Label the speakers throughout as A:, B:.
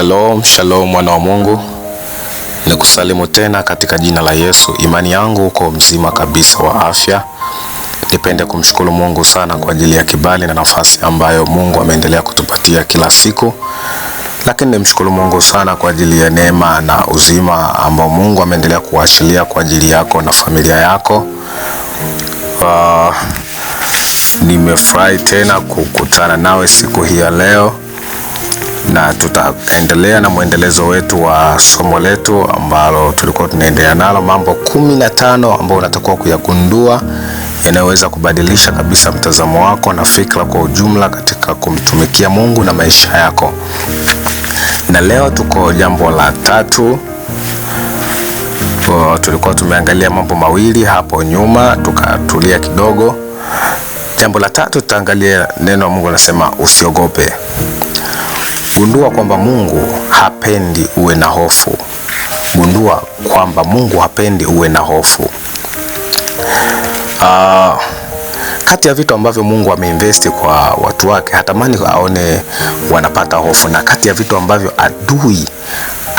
A: Shalom, shalom mwana wa Mungu, nikusalimu tena katika jina la Yesu. Imani yangu uko mzima kabisa wa afya. Nipende kumshukuru Mungu sana kwa ajili ya kibali na nafasi ambayo Mungu ameendelea kutupatia kila siku, lakini nimshukuru Mungu sana kwa ajili ya neema na uzima ambao Mungu ameendelea kuachilia kwa ajili yako na familia yako. Uh, nimefurahi tena kukutana nawe siku hii ya leo na tutaendelea na mwendelezo wetu wa somo letu ambalo tulikuwa tunaendelea nalo, mambo kumi na tano ambayo unatakiwa kuyagundua yanayoweza kubadilisha kabisa mtazamo wako na fikra kwa ujumla katika kumtumikia Mungu na maisha yako. Na leo tuko jambo la tatu. Tulikuwa tumeangalia mambo mawili hapo nyuma, tukatulia kidogo. Jambo la tatu tutaangalia neno la Mungu, anasema usiogope. Gundua kwamba Mungu hapendi uwe na hofu. Gundua kwamba Mungu hapendi uwe na hofu. Uh, kati ya vitu ambavyo Mungu ameinvesti kwa watu wake hatamani aone wanapata hofu, na kati ya vitu ambavyo adui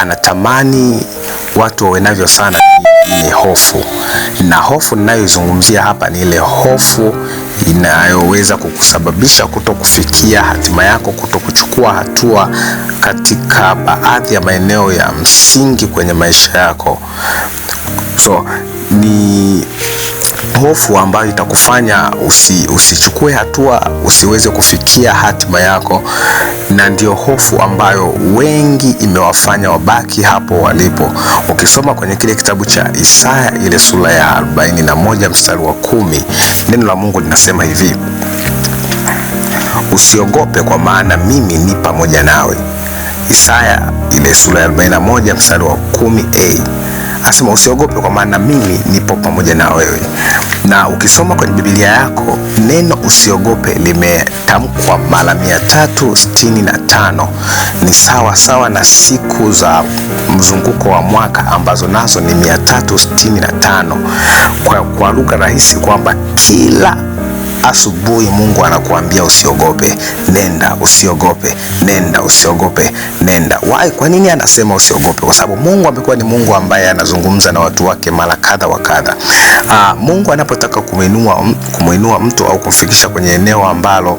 A: anatamani watu wawe navyo sana ile hofu, na hofu ninayozungumzia hapa ni ile hofu inayoweza kukusababisha kuto kufikia hatima yako, kuto kuchukua hatua katika baadhi ya maeneo ya msingi kwenye maisha yako. So ni hofu ambayo itakufanya usi, usichukue hatua usiweze kufikia hatima yako, na ndio hofu ambayo wengi imewafanya wabaki hapo walipo. Ukisoma kwenye kile kitabu cha Isaya ile sura ya 41 mstari wa kumi, neno la Mungu linasema hivi: usiogope kwa maana mimi ni pamoja nawe. Isaya ile sura ya 41 mstari wa 10a asema usiogope, kwa maana mimi nipo pamoja na wewe. Na ukisoma kwenye Biblia yako neno usiogope limetamkwa mara tano Ni sawa sawa na siku za mzunguko wa mwaka ambazo nazo ni tano kwa, kwa lugha rahisi kwamba kila Asubuhi Mungu anakuambia usiogope, nenda, usiogope, nenda, usiogope, nenda. Why? Kwa nini anasema usiogope? Kwa sababu Mungu amekuwa ni Mungu ambaye anazungumza na watu wake mara kadha wa kadha. Ah, Mungu anapotaka kumuinua mtu au kumfikisha kwenye eneo ambalo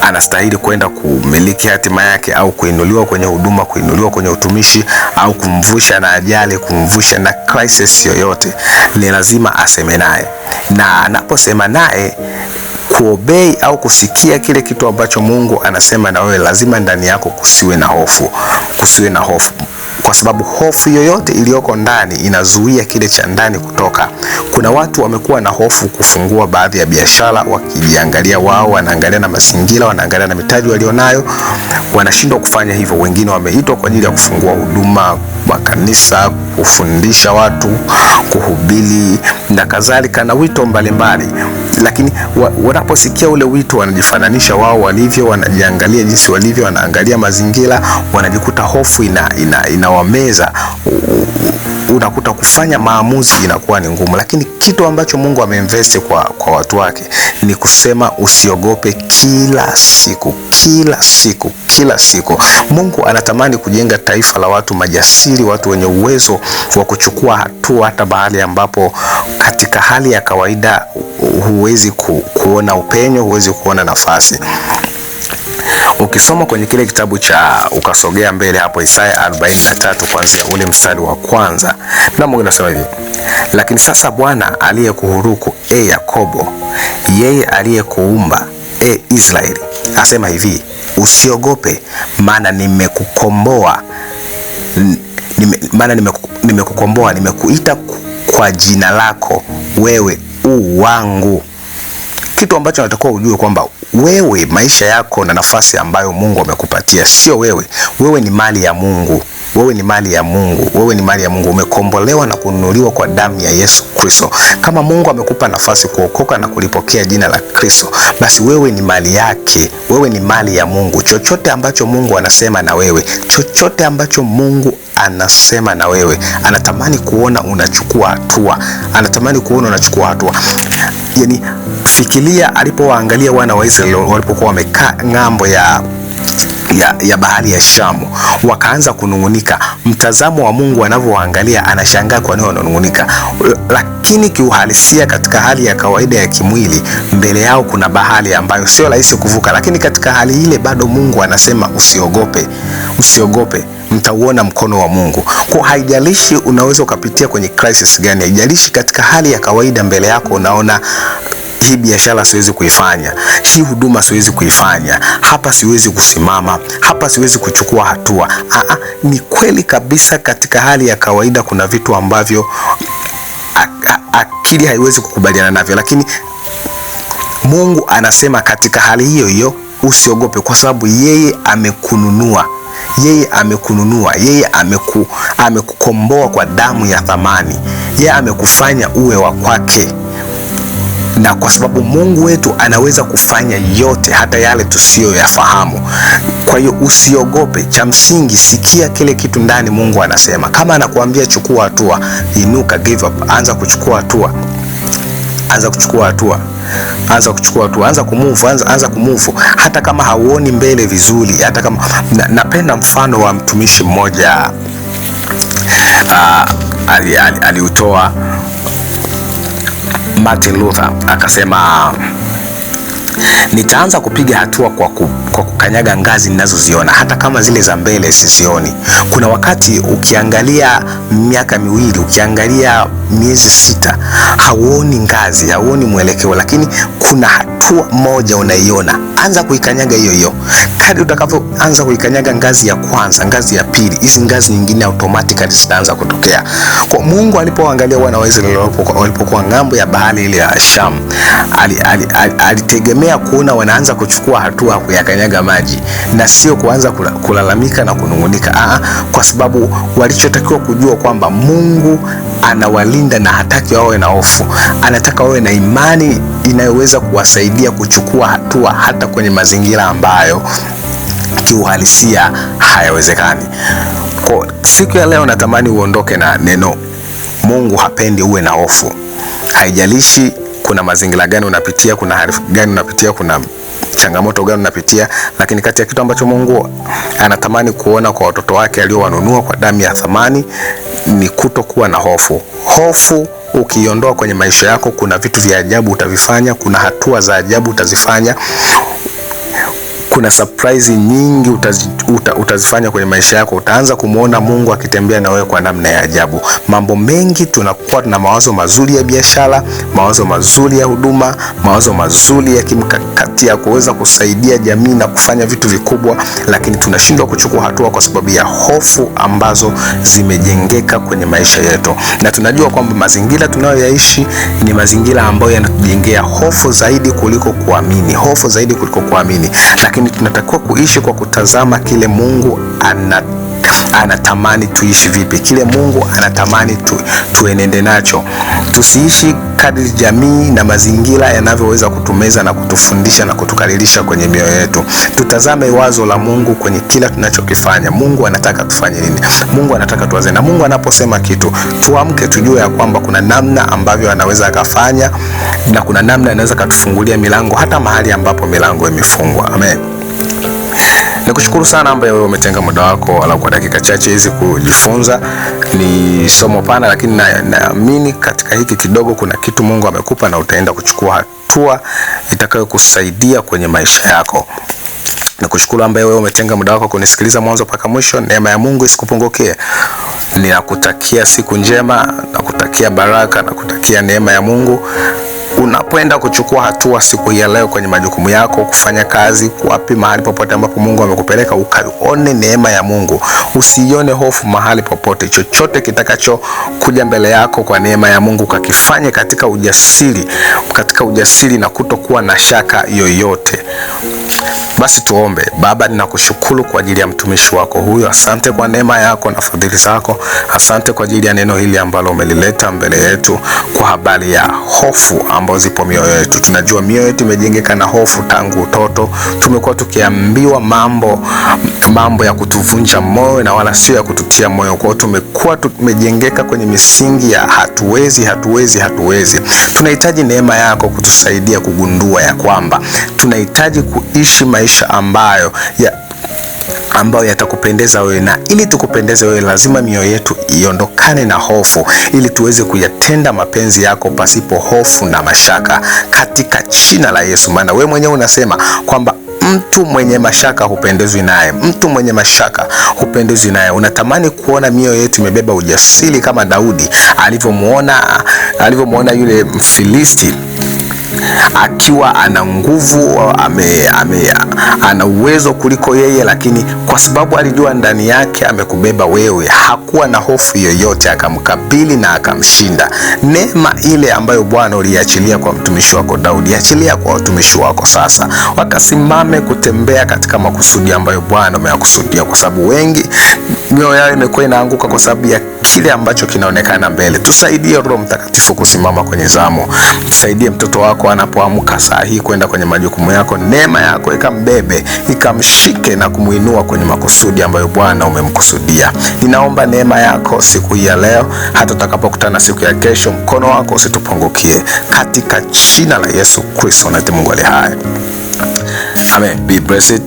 A: anastahili kwenda kumiliki hatima yake au kuinuliwa kwenye huduma, kuinuliwa kwenye utumishi au kumvusha na ajali, kumvusha na crisis yoyote, ni lazima aseme naye, na anaposema naye kuobei au kusikia kile kitu ambacho Mungu anasema na wewe, lazima ndani yako kusiwe na hofu, kusiwe na hofu kwa sababu hofu yoyote iliyoko ndani inazuia kile cha ndani kutoka. Kuna watu wamekuwa na hofu kufungua baadhi ya biashara, wakijiangalia wao, wanaangalia na mazingira, wanaangalia na mitaji walionayo, wanashindwa kufanya hivyo. Wengine wameitwa kwa ajili ya kufungua huduma, makanisa, kufundisha watu, kuhubiri na kadhalika, na wito mbalimbali mbali lakini wa, wanaposikia ule wito wanajifananisha wao walivyo, wanajiangalia jinsi walivyo, wanaangalia mazingira, wanajikuta hofu ina, ina, unakuta kufanya maamuzi inakuwa ni ngumu, lakini kitu ambacho Mungu ameinvest kwa, kwa watu wake ni kusema usiogope kila siku, kila siku, kila siku. Mungu anatamani kujenga taifa la watu majasiri, watu wenye uwezo wa kuchukua hatua hata mahali ambapo katika hali ya kawaida huwezi ku, kuona upenyo, huwezi kuona nafasi. Ukisoma kwenye kile kitabu cha ukasogea mbele hapo Isaya 43 kuanzia ule mstari wa kwanza, na Mungu anasema hivi: lakini sasa Bwana aliyekuhuruku e Yakobo, yeye aliyekuumba e Israeli, asema hivi, usiogope, maana nimekukomboa, maana nimekukomboa, nimekuita kwa jina lako, wewe u wangu. Kitu ambacho natakiwa ujue kwamba wewe maisha yako na nafasi ambayo Mungu amekupatia sio wewe. Wewe ni mali ya Mungu, wewe ni mali ya Mungu, wewe ni mali ya Mungu. Umekombolewa na kununuliwa kwa damu ya Yesu Kristo. Kama Mungu amekupa nafasi kuokoka na kulipokea jina la Kristo, basi wewe ni mali yake, wewe ni mali ya Mungu. Chochote ambacho Mungu anasema na wewe, chochote ambacho Mungu anasema na wewe, anatamani kuona unachukua hatua, anatamani kuona unachukua hatua yani, fikiria alipowaangalia wana wa Israeli walipokuwa wamekaa ng'ambo ya ya, ya bahari ya Shamu wakaanza kunungunika. Mtazamo wa Mungu anavyoangalia anashangaa kwa nini wananungunika, lakini kiuhalisia, katika hali ya kawaida ya kimwili, mbele yao kuna bahari ambayo sio rahisi kuvuka, lakini katika hali ile bado Mungu anasema usiogope, usiogope mtauona mkono wa Mungu. Kwa haijalishi unaweza ukapitia kwenye crisis gani, haijalishi katika hali ya kawaida mbele yako unaona eh, hii biashara siwezi kuifanya, hii huduma siwezi kuifanya, hapa siwezi kusimama, hapa siwezi kuchukua hatua. Aa, ni kweli kabisa, katika hali ya kawaida kuna vitu ambavyo akili haiwezi kukubaliana navyo, lakini Mungu anasema katika hali hiyo hiyo usiogope, kwa sababu yeye amekununua yeye amekununua, yeye ameku, amekukomboa kwa damu ya thamani, yeye amekufanya uwe wa kwake na kwa sababu Mungu wetu anaweza kufanya yote hata yale tusiyoyafahamu. Kwa hiyo usiogope, cha msingi sikia kile kitu ndani Mungu anasema. Kama anakuambia chukua hatua, inuka, give up, anza kuchukua hatua, anza kuchukua hatua anza kuchukua tu, anza kumove, anza, anza kumove hata kama hauoni mbele vizuri, hata kama na, napenda mfano wa mtumishi mmoja aliutoa ah, ali, ali Martin Luther akasema nitaanza kupiga hatua kwa, ku, kwa kukanyaga ngazi ninazoziona hata kama zile za mbele sizioni. Kuna wakati ukiangalia miaka miwili, ukiangalia miezi sita, hauoni ngazi, hauoni mwelekeo, lakini kuna hatua moja unaiona, anza kuikanyaga hiyo hiyo kadri utakavyoanza kuikanyaga ngazi ya kwanza, ngazi ya pili, hizi ngazi nyingine automatically zitaanza kutokea. Kwa Mungu alipoangalia wana wa Israeli walipokuwa ng'ambo ya bahari ile ya Sham, alitegemea kuona wanaanza kuchukua hatua kuyakanyaga maji na sio kuanza kulalamika na kunungunika. Aa, kwa sababu walichotakiwa kujua kwamba Mungu anawalinda na hataki wawe na hofu, anataka wawe na imani inayoweza kuwasaidia kuchukua hatua hata kwenye mazingira ambayo kiuhalisia hayawezekani. Kwa siku ya leo, natamani uondoke na neno, Mungu hapendi uwe na hofu. Haijalishi kuna mazingira gani unapitia, kuna hali gani unapitia, kuna changamoto gani unapitia, lakini kati ya kitu ambacho Mungu anatamani kuona kwa watoto wake aliowanunua kwa damu ya thamani ni kutokuwa na hofu. Hofu ukiondoa kwenye maisha yako, kuna vitu vya ajabu utavifanya, kuna hatua za ajabu utazifanya kuna surprise nyingi utaz, uta, utazifanya kwenye maisha yako. Utaanza kumwona Mungu akitembea na wewe kwa namna ya ajabu. Mambo mengi tunakuwa na mawazo mazuri ya biashara, mawazo mazuri ya huduma, mawazo mazuri ya kimkakati ya kuweza kusaidia jamii na kufanya vitu vikubwa, lakini tunashindwa kuchukua hatua kwa sababu ya hofu ambazo zimejengeka kwenye maisha yetu, na tunajua kwamba mazingira tunayoyaishi ni mazingira ambayo yanatujengea hofu zaidi kuliko kuamini, hofu zaidi kuliko kuamini, lakini tunatakiwa kuishi kwa kutazama kile Mungu ana, anatamani tuishi vipi, kile Mungu anatamani tu, tuenende nacho. Tusiishi kadri jamii na mazingira yanavyoweza kutumeza na kutufundisha na kutukalilisha kwenye mioyo yetu. Tutazame wazo la Mungu kwenye kila tunachokifanya. Mungu anataka tufanye nini? Mungu anataka tuwaze, na Mungu anaposema kitu tuamke, tujue ya kwamba kuna namna ambavyo anaweza akafanya, na kuna namna anaweza akatufungulia milango hata mahali ambapo milango imefungwa. Amen. Nikushukuru sana ambaye wewe umetenga muda wako ala kwa dakika chache hizi kujifunza. Ni somo pana, lakini naamini na katika hiki kidogo kuna kitu Mungu amekupa na utaenda kuchukua hatua itakayokusaidia kwenye maisha yako. Nakushukuru ambaye wewe umetenga muda wako kunisikiliza mwanzo mpaka mwisho. Neema ya Mungu isikupungukie. Ninakutakia siku njema, nakutakia baraka, nakutakia neema ya Mungu unapoenda kuchukua hatua siku hii ya leo kwenye majukumu yako, kufanya kazi, kuwapi mahali popote ambapo Mungu amekupeleka, ukaone neema ya Mungu, usione hofu mahali popote. Chochote kitakachokuja mbele yako kwa neema ya Mungu, kakifanye katika ujasiri, katika ujasiri na kutokuwa na shaka yoyote. Basi tuombe. Baba, ninakushukuru kwa ajili ya mtumishi wako huyu, asante kwa neema yako na fadhili zako, asante kwa ajili ya neno hili ambalo umelileta mbele yetu kwa habari ya hofu ambazo zipo mioyo yetu. Tunajua mioyo yetu imejengeka na hofu tangu utoto, tumekuwa tukiambiwa mambo mambo ya kutuvunja moyo na wala sio ya kututia moyo. Kwa hiyo tumekuwa tumejengeka kwenye misingi ya hatuwezi, hatuwezi, hatuwezi. Tunahitaji neema yako kutusaidia kugundua ya kwamba tunahitaji kuishi maisha ambayo ya ambayo yatakupendeza wewe, na ili tukupendeze wewe, lazima mioyo yetu iondokane na hofu, ili tuweze kuyatenda mapenzi yako pasipo hofu na mashaka, katika jina la Yesu. Maana wewe mwenyewe unasema kwamba Mtu mwenye mashaka hupendezwi naye, mtu mwenye mashaka hupendezwi naye. Unatamani kuona mioyo yetu imebeba ujasiri kama Daudi alivyomuona alivyomwona yule Mfilisti akiwa ana nguvu ame, ame, ana uwezo kuliko yeye, lakini kwa sababu alijua ndani yake amekubeba wewe, hakuwa na hofu yoyote, akamkabili na akamshinda. Neema ile ambayo Bwana uliachilia kwa mtumishi wako Daudi, achilia kwa watumishi wako sasa, wakasimame kutembea katika makusudi ambayo Bwana ameyakusudia, kwa sababu wengi mioyo yao imekuwa inaanguka kwa sababu ya kile ambacho kinaonekana mbele. Tusaidie Roho Mtakatifu kusimama kwenye zamu, tusaidie mtoto wako anapoamka saa hii kwenda kwenye majukumu yako. Neema yako ikambebe, ikamshike na kumuinua kwenye makusudi ambayo Bwana umemkusudia. Ninaomba neema yako siku hii ya leo, hata utakapokutana siku ya kesho, mkono wako usitupungukie, katika jina la Yesu Kristo na Mungu aliye hai. Amen. Be blessed.